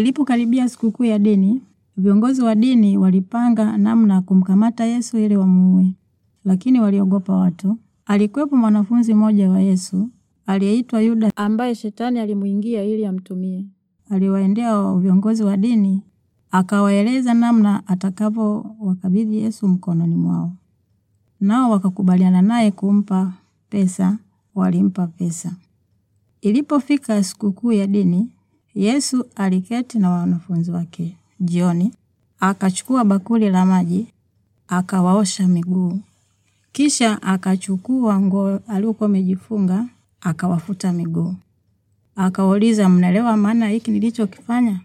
Ilipokaribia sikukuu ya dini, viongozi wa dini walipanga namna ya kumkamata Yesu ili wamuue, lakini waliogopa watu. Alikuwepo mwanafunzi mmoja wa Yesu aliyeitwa Yuda ambaye shetani alimwingia ili amtumie. Aliwaendea viongozi wa dini akawaeleza namna atakavyowakabidhi Yesu mkononi mwao, nao wakakubaliana naye kumpa pesa. Walimpa pesa. Ilipofika sikukuu ya dini, Yesu aliketi na wanafunzi wake jioni, akachukua bakuli la maji, akawaosha miguu, kisha akachukua nguo aliyokuwa amejifunga, akawafuta miguu. Akawauliza, mnaelewa maana hiki nilichokifanya?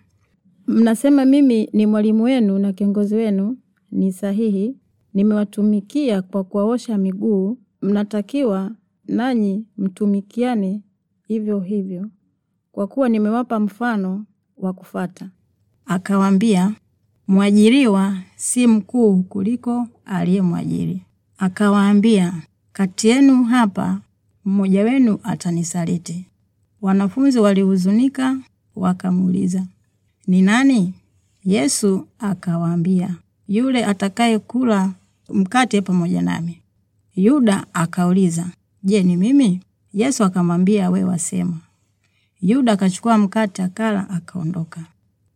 Mnasema mimi ni mwalimu wenu na kiongozi wenu, ni sahihi. Nimewatumikia kwa kuwaosha miguu, mnatakiwa nanyi mtumikiane hivyo hivyo kwa kuwa nimewapa mfano wa kufata. Akawambia, mwajiriwa si mkuu kuliko aliyemwajiri. Akawaambia, kati yenu hapa mmoja wenu atanisaliti. Wanafunzi walihuzunika, wakamuuliza ni nani? Yesu akawaambia, yule atakayekula mkate pamoja nami. Yuda akauliza, je, ni mimi? Yesu akamwambia, we wasema. Yuda akachukua mkate akala, akaondoka.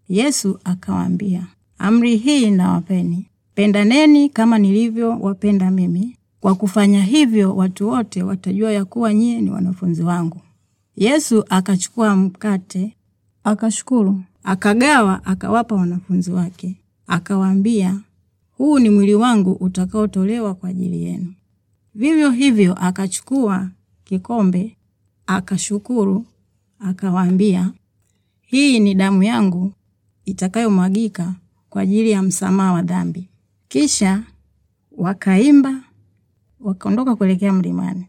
Yesu akawaambia, amri hii nawapeni, pendaneni kama nilivyowapenda mimi. Kwa kufanya hivyo, watu wote watajua ya kuwa nyie ni wanafunzi wangu. Yesu akachukua mkate, akashukuru, akagawa, akawapa wanafunzi wake, akawaambia, huu ni mwili wangu utakaotolewa kwa ajili yenu. Vivyo hivyo akachukua kikombe, akashukuru, akawaambia, hii ni damu yangu itakayomwagika kwa ajili ya msamaha wa dhambi. Kisha wakaimba wakaondoka kuelekea mlimani.